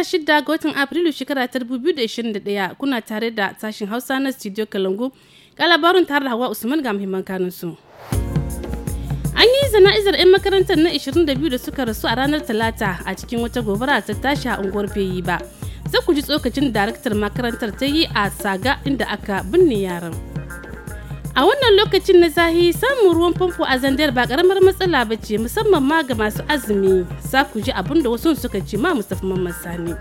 16 ga watan Afrilu shekara ta 2021 kuna tare da sashen Hausa na Studio Kalangu. Ga labarin tare da Hawa Usman ga muhimman kanun su. An yi zana'izar 'yan makarantar na 22 da suka rasu a ranar Talata a cikin wata gobara ta tashi a unguwar Feyi ba. Sai ku ji tsokacin daraktar makarantar ta yi a Saga inda aka binne yaran. A wannan lokacin na zahi samun ruwan famfo a zandar ba karamar matsala ba ce musamman ma ga masu azumi za ku ji abin da wasu suka ce ma mamman sani.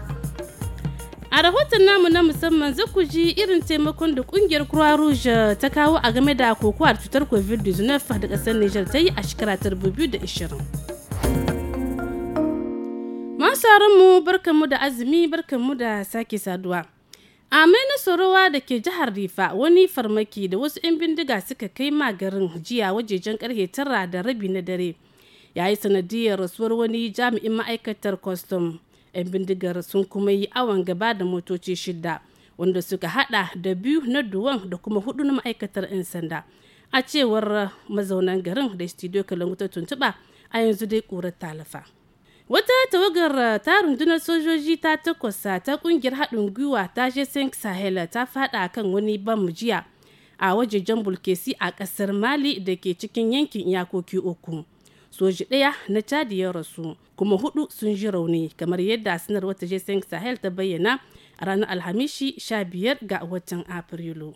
A rahoton namu na musamman za ku ji irin taimakon da kungiyar Croix Rouge ta kawo a game da kokowar cutar COVID-19 da kasar Nijar ta yi a shekara ta 2020. Masu mu barkanmu da azumi barkanmu da sake saduwa. a na sorowa da ke jihar rifa wani farmaki da wasu 'yan bindiga suka kai ma garin jiya wajejen karfe tara da rabi na dare ya yi sanadiyar rasuwar wani jami'in ma'aikatar kwastom 'yan bindigar sun kuma yi awon gaba da motoci shida wanda suka hada da biyu na duwan da kuma hudu na ma'aikatar 'yan sanda a cewar mazaunan garin da studio kalangu ta tuntuba a yanzu dai ƙurar talafa. Wata tawagar eh, ta rundunar sojoji ta takwasa eh, ta kungiyar haɗin gwiwa ta je sink Sahel eh, ta faɗa kan wani bam jiya a wajejen Bulkesi a ƙasar Mali da ke cikin yankin iyakoki uku. Soji ɗaya na Chadi ya rasu kuma hudu sun ji rauni kamar yadda sanar wata je sink Sahel ta bayyana a ranar Alhamishi 15 ga watan Afrilu.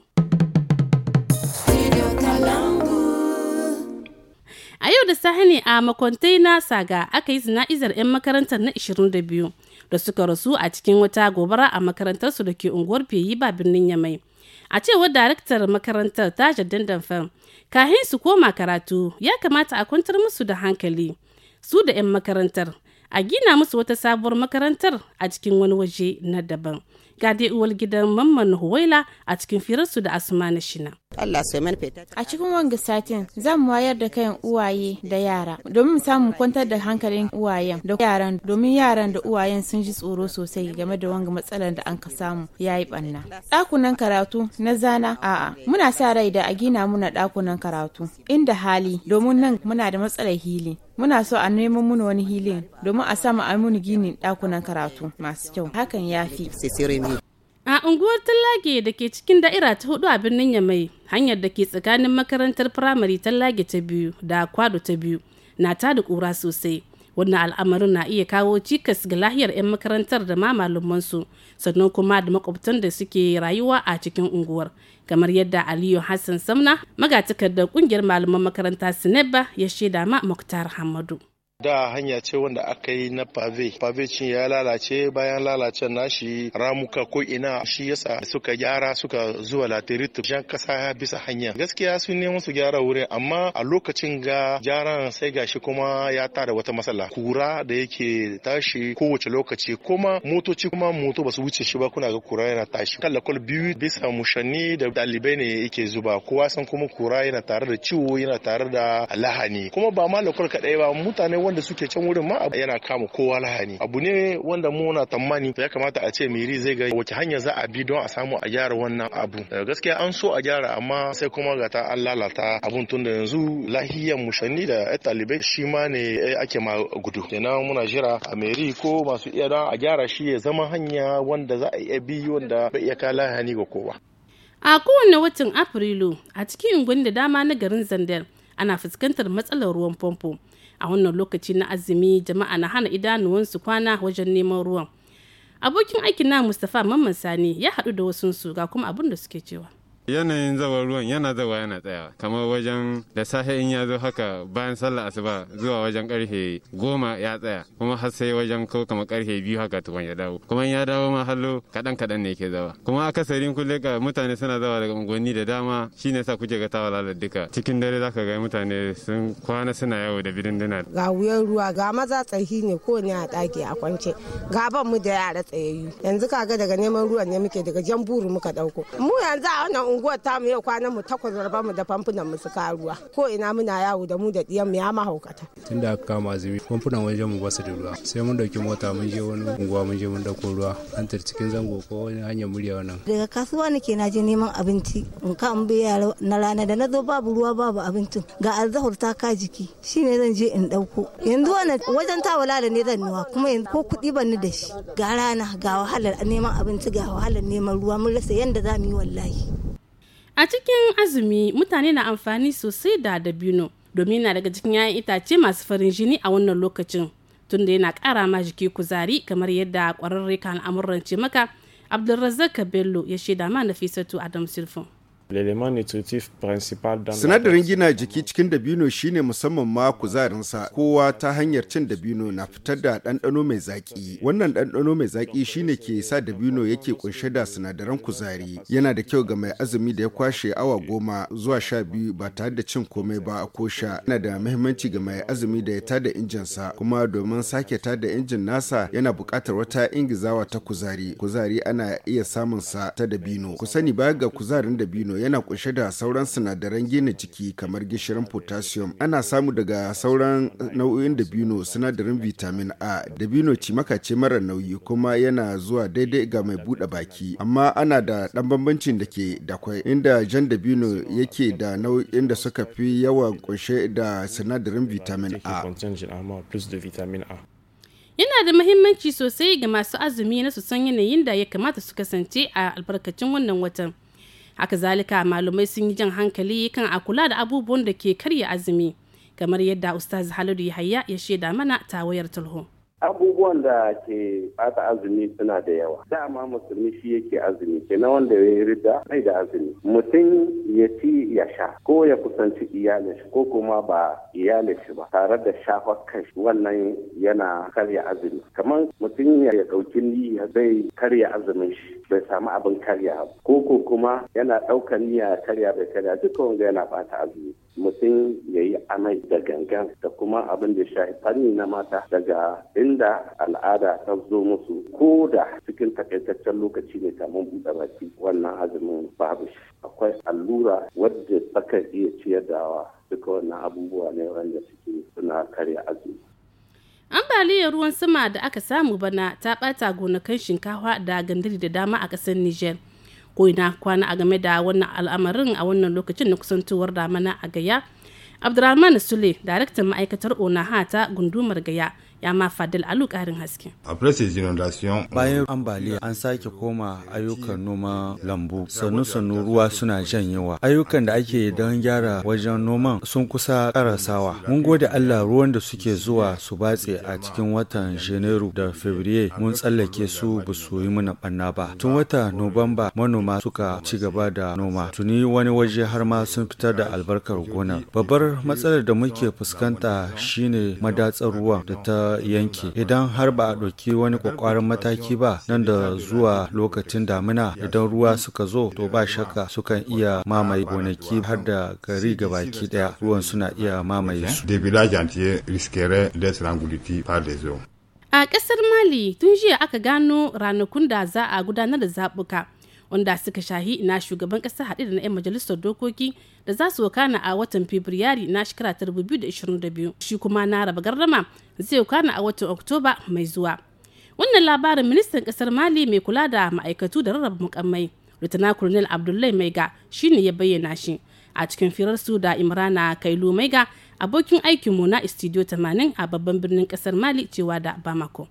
A yau da sahani a makwantai na saga aka yi zina'izar 'yan makarantar na 22 da suka rasu a cikin wata gobara a makarantarsu da ke unguwar feyi ba birnin Yamai. A cewar daraktar makarantar ta jaddan fam kahin su koma karatu ya kamata a kwantar musu da hankali su da 'yan makarantar a gina musu wata sabuwar makarantar a cikin wani waje na daban ga dai uwar gidan mamman huwaila a cikin firarsu da asuma na shina a cikin wanga satin za mu wayar da kayan uwaye da yara domin samun kwantar da hankalin uwayen da yaran domin yaran da uwayen sun ji tsoro sosai game da wanga matsalar da an ka samu ya yi banna dakunan karatu na zana a'a muna sa rai da a gina muna dakunan karatu inda hali domin nan muna da matsalar hili muna so a nemo mun wani hilin domin a samu a mun ginin dakunan karatu masu kyau hakan ya fi a unguwar tallage da ke cikin da'ira ta hudu a birnin yamai hanyar da ke tsakanin makarantar firamare tallage ta biyu da kwado ta biyu na ta da kura sosai wannan al'amarin na iya kawo cikas ga lahiyar 'yan makarantar da ma malumansu sannan kuma da makwabtan da suke rayuwa a cikin unguwar kamar yadda aliyu hassan samna magatakar da kungiyar malaman makaranta sineba ya shaida ma muktar hamadu da hanya ce wanda aka yi na pave pave cin ya lalace bayan lalacen nashi ramuka ko ina shi yasa suka gyara suka zuwa laterite jan kasa bisa hanya gaskiya su ne su gyara wurin amma a lokacin ga gyaran sai gashi kuma ya tada wata matsala kura da yake tashi kowace lokaci kuma motoci kuma moto basu wuce shi ba kuna ga kura yana tashi kala kwal biyu bisa mushanni da dalibai ne yake zuba kowa san kuma kura yana tare da ciwo yana tare da lahani kuma ba ma lokal kadai ba mutane wanda suke can wurin ma yana kama kowa lahani abu ne wanda muna tsammani ya kamata a ce miri zai ga wace hanya za a bi don a samu a gyara wannan abu eh, gaskiya an so a gyara amma sai kuma ga ta an lalata abun tun da yanzu lahiyan mushanni da ya talibai shi ma ne eh, ake ma gudu kenan muna jira a meri ko masu iya don a gyara shi ya zama hanya wanda za a iya bi wanda bai iya kala lahani ga kowa a kowane watan afrilu a cikin gwani da dama na garin zandar ana fuskantar matsalar ruwan famfo a wannan lokaci na azumi jama'a na hana idanuwansu kwana wajen neman ruwan abokin aikin na mustapha mamman sani ya haɗu da wasunsu ga kuma abin da suke cewa yanayin zawar ruwan yana zawa yana tsaya kamar wajen da safe in ya zo haka bayan sallah asuba zuwa wajen karfe goma ya tsaya kuma har sai wajen ko kamar karfe biyu haka tukun ya dawo kuma ya dawo ma hallo kaɗan kaɗan ne ke zawa kuma akasarin kulle ka mutane suna zawa daga unguwanni da dama shine sa kuke ga tawala duka cikin dare zaka ga mutane sun kwana suna yawo da birinduna ga wuyan ruwa ga maza tsarki ne ko ne a ɗaki a kwance ga ban mu da yara tsayayyu yanzu kaga daga neman ruwan ne muke daga jan muka ɗauko mu yanzu a wannan unguwar ta mu yau kwanan mu takwas raba mu da famfunan mu su ruwa ko ina muna yawo da mu da diyan mu ya haukata tunda aka kama azumi famfunan wajen mu ba da ruwa sai mun dauki mota mun je wani unguwa mun je mun dauko ruwa an tar cikin zango ko wani hanyar murya wannan daga kasuwa nake na je neman abinci in ka an biya na rana da na zo babu ruwa babu abincin ga alzahur ta ka jiki shine zan je in dauko yanzu wannan wajen wala da ne zan nuwa kuma yanzu ko kudi ban da shi ga rana ga wahalar neman abinci ga wahalar neman ruwa mun rasa yanda za mu yi wallahi A cikin azumi mutane na amfani sosai da dabino domin na daga cikin 'ya'yan itace masu farin jini a wannan lokacin tunda yana kara ma jiki kuzari kamar yadda ƙwararre kan al'amuran ce maka Abdulrazak Bello ya shaida ma Nafisatu Adam Silfon. Sinadarin gina jiki cikin dabino shine musamman ma kuzarinsa kowa ta hanyar cin dabino na fitar da ɗanɗano mai zaƙi. Wannan ɗanɗano mai zaƙi shine ke sa dabino yake kunshe da sinadaran kuzari. Yana da kyau ga mai azumi da ya kwashe awa goma zuwa sha biyu ba tare da cin komai ba a kosha. Yana da mahimmanci ga mai azumi da ya tada injinsa kuma domin sake ta da injin nasa yana buƙatar wata ingizawa ta kuzari. Kuzari ana iya samun sa ta dabino. Ku sani baya ga kuzarin dabino dabino yana kunshe da sauran sinadaran gina jiki kamar gishirin potassium. Ana samu daga sauran nau'in dabino sinadarin vitamin A. Dabino cimaka ce mara nauyi kuma yana zuwa daidai ga mai buɗe baki. Amma ana da ɗan bambancin da ke dakwai inda jan dabino yake da nau'in da suka fi yawa kunshe da sinadarin vitamin A. yana da mahimmanci sosai ga masu azumi na su san yanayin da ya kamata su kasance a albarkacin wannan watan haka zalika malumai sun yi jan hankali kan a kula da abubuwan da ke karya azumi kamar yadda ustaz haladu yahaya ya shaida mana ta wayar talho abubuwan da ke bata azumi suna da yawa dama musulmi shi yake azumi ke na wanda ya rida mai da azumi mutum ya ci ya sha ko ya kusanci iyalin shi ko kuma ba iyalin shi ba tare da shafar wannan yana karya azumi kamar mutum ya ɗauki niyya zai karya azumin shi bai samu abin karya ko ko kuma yana ɗaukar niyya karya bai karya duka wanda yana bata azumi mutum amai da gangan da kuma abin da shafi fanni na mata daga inda al'ada ta zo musu ko da cikin takaitaccen lokaci ne ma buɗe baki wannan azumin babu akwai allura wadda tsakar iya ciyar da duka wannan abubuwa ne wanda suke suna karya azumi ambaliyar ruwan sama da aka samu bana ta ɓata gonakan shinkafa da gandari da dama a ƙasar niger ko ina kwana a game da wannan al'amarin a wannan lokacin na kusantowar damana a gaya abdulrahman sule daraktan ma'aikatar onaha ta gundumar gaya ya ma fadil alu karin haske bayan ambaliya an sake koma ayyukan noma lambu sannu sannu ruwa suna janyewa ayyukan da ake don gyara wajen noman sun kusa karasawa mun gode allah ruwan da suke zuwa su batse a cikin watan janairu da fabriye mun tsallake su ba su yi mana banna ba tun wata nobamba manoma suka ci gaba da noma tuni wani waje har ma sun fitar da albarkar gonar babbar matsalar da muke fuskanta shine madatsar ruwa da ta yanki idan har ba a ɗauki wani ƙwaƙwarin mataki ba nan da zuwa lokacin damina idan ruwa suka zo to ba shakka sukan iya mamaye gonaki har da gari gabaki ɗaya ruwan suna iya mamaye su a ƙasar mali tun jiya aka gano ranakun da za a gudanar da zaɓuka wanda suka shahi na shugaban kasa haɗe da na 'yan majalisar dokoki da za su wakana a watan fabrairu na shekara 2022 shi kuma na raba gardama zai wakana a watan oktoba mai zuwa wannan labarin ministan kasar mali mai kula da ma'aikatu da rarraba mukammai rutana colonel abdullahi maiga shine ya bayyana shi a cikin firarsu da imrana kailu maiga abokin aikinmu na studio 80 a babban birnin kasar mali cewa da bamako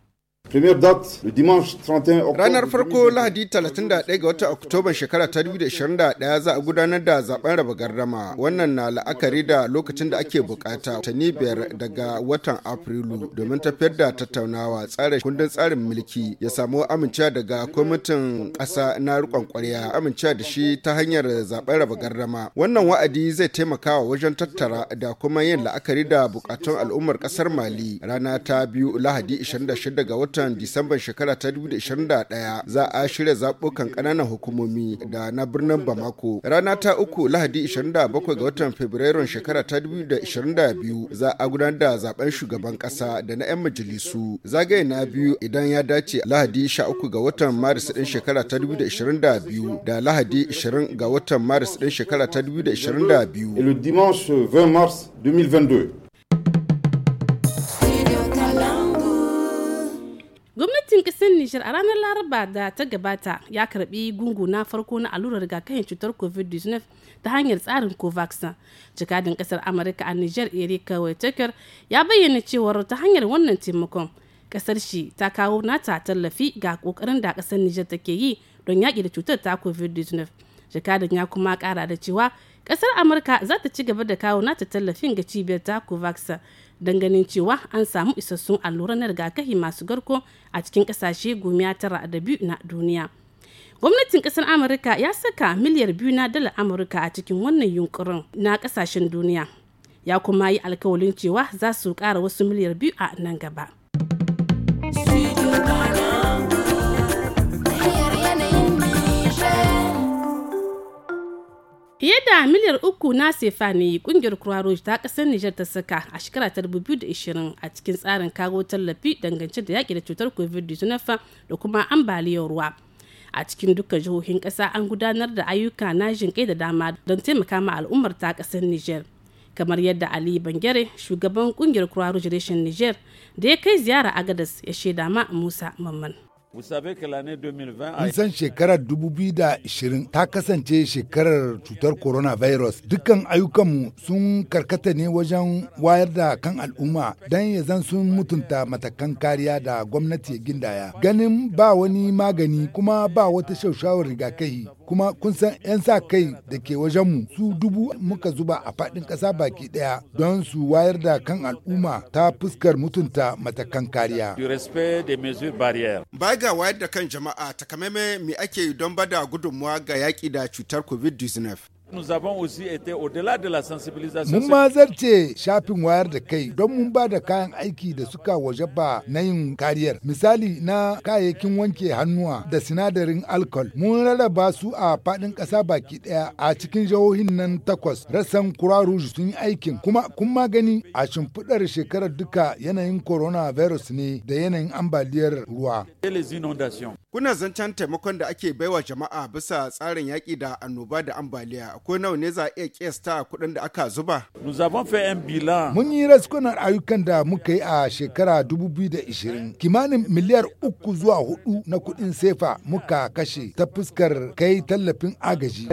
Ranar farko Lahadi 31 ga watan Oktoba shekara ta 2021 za a gudanar da zaben raba gardama. Wannan na la'akari da lokacin da ake bukata watanni biyar daga watan Afrilu domin tafiyar da tattaunawa tsarin kundin tsarin mulki ya samu amincewa daga kwamitin ƙasa na rikon ƙwarya amincewa da shi ta hanyar zaben raba gardama. Wannan wa'adi zai taimakawa wajen tattara da kuma yin la'akari da bukatun al'ummar ƙasar Mali rana ta biyu Lahadi 26 ga watan watan Disamban shekara ta 2021 za a shirya zaɓukan ƙananan hukumomi da na birnin Bamako. Rana ta uku Lahadi 27 ga watan Fabrairun shekara ta 2022 za a gudanar da zaben shugaban ƙasa da na 'yan majalisu. Zagaye na biyu idan ya dace Lahadi 13 ga watan Maris ɗin shekara ta 2022 da Lahadi 20 ga watan Maris ɗin shekara ta 2022. le dimanche 20 mars 2022. gwamnatin kasar nijar a ranar laraba da ta gabata ya karbi gungu na farko na allurar rigakafin cutar covid-19 ta hanyar tsarin covax jikadin kasar amurka a nijar erika whitaker ya bayyana cewar ta hanyar wannan taimakon kasar shi ta kawo nata tallafi ga kokarin da kasar nijar take yi don yaƙi da cutar ta covid-19 jikadin ya kuma kara da cewa kasar amurka za ta ci gaba da kawo nata tallafin ga cibiyar ta covax don ganin cewa an samu isassun alluran na rigakafi masu garko a cikin kasashe gumiya tara da biyu na duniya gwamnatin kasar amurka ya saka miliyar biyu na dalar amurka a cikin wannan yunkurin na kasashen duniya ya kuma yi alkawalin cewa za su kara wasu miliyar biyu a nan gaba. Fiye da miliyar uku na sefa ne kungiyar Croix ta kasar Nijar ta saka a shekara ta 2020 a cikin tsarin kago tallafi dangance da yaƙi da cutar COVID-19 da kuma ambaliyar ruwa. A cikin dukkan jihohin ƙasa an gudanar da ayyuka na kai da dama don taimaka ma al'ummar ta kasar Nijar. kamar yadda Ali Bangere shugaban kungiyar Croix Rouge Niger da ya kai ziyara Agadas ya shaida ma Musa Mamman. In san shekarar 2020 ta kasance shekarar cutar coronavirus. Dukkan ayyukanmu sun karkata ne wajen wayar da kan al'umma don ya zan sun mutunta matakan kariya da gwamnati ya gindaya. Ganin ba wani magani kuma ba wata shaushawar rigakafi kuma kun san 'yan sa kai da ke wajenmu su dubu muka zuba a faɗin ƙasa baki ɗaya don su wayar da kan al'umma ta fuskar mutunta matakan kariya. Baya ga wayar da kan jama'a takamaimai me ake yi don bada gudunmuwa ga yaƙi da cutar COVID-19? Mun ma zarce shafin wayar da kai don mun ba da kayan aiki da suka waje ba na yin kariyar. Misali na kayayyakin wanke hannuwa da sinadarin alkol. Mun rarraba su a fadin kasa baki daya a cikin jihohin nan takwas. Rassan Kura sun yi aikin kuma kun magani a shimfiɗar shekarar duka yanayin coronavirus ne da yanayin ambaliyar ruwa. Kuna zancen taimakon da ake baiwa jama'a bisa tsarin yaƙi da annoba da ambaliya ko nawa ne za a iya kiyasta kuɗin da aka zuba? Mun yi raskunan ayyukan da muka yi a shekara 2020 kimanin miliyar uku zuwa hudu na kuɗin sefa muka kashe ta fuskar kai tallafin agaji.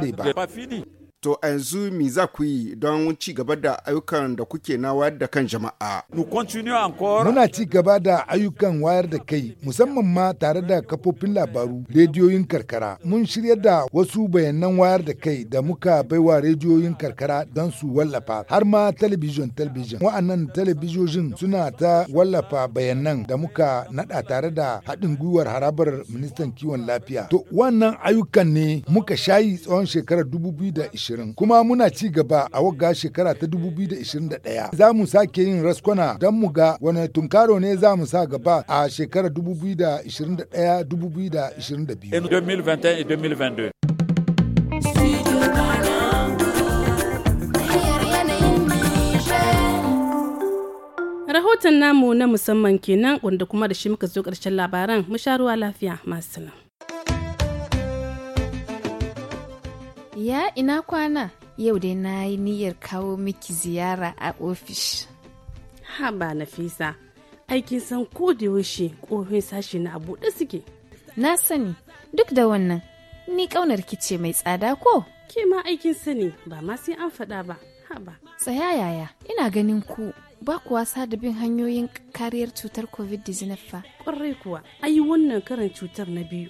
To a yanzu mi za ku yi don ci gaba da ayyukan da kuke na wayar da kan jama'a? Muna ci gaba da ayyukan wayar da kai musamman ma tare da kafofin labaru rediyoyin karkara. Mun shirya da wasu bayanan wayar da kai da muka baiwa rediyoyin karkara don su wallafa har ma talabijin talabijin. Wa'annan talabijojin suna ta wallafa bayanan da muka nada tare da haɗin gwiwar harabar ministan kiwon lafiya. To wannan ayyukan ne muka shayi tsawon shekarar 2020. ashirin kuma muna ci gaba a wagga shekara ta 2021 za mu sake yin raskwana don mu ga wani tunkaro ne za mu sa gaba a shekarar 2021-2022. Rahoton namu na musamman kenan wanda kuma da shi muka zo ƙarshen labaran mu lafiya masu Ya ina kwana? Yau dai na yi niyyar kawo miki ziyara a ofis. Ha ba Nafisa, aikin san ko da yaushe ƙofin sashi na buɗe suke. Na sani, duk da wannan, ni ƙaunar kice mai tsada ko? Ke ma aikin sani ba ma sai an faɗa ba, ha ba. Tsaya yaya, ina ganin ku ba kuwa da bin hanyoyin kariyar cutar covid-19 fa. Ƙwarai kuwa, ayi wannan karin cutar na biyu.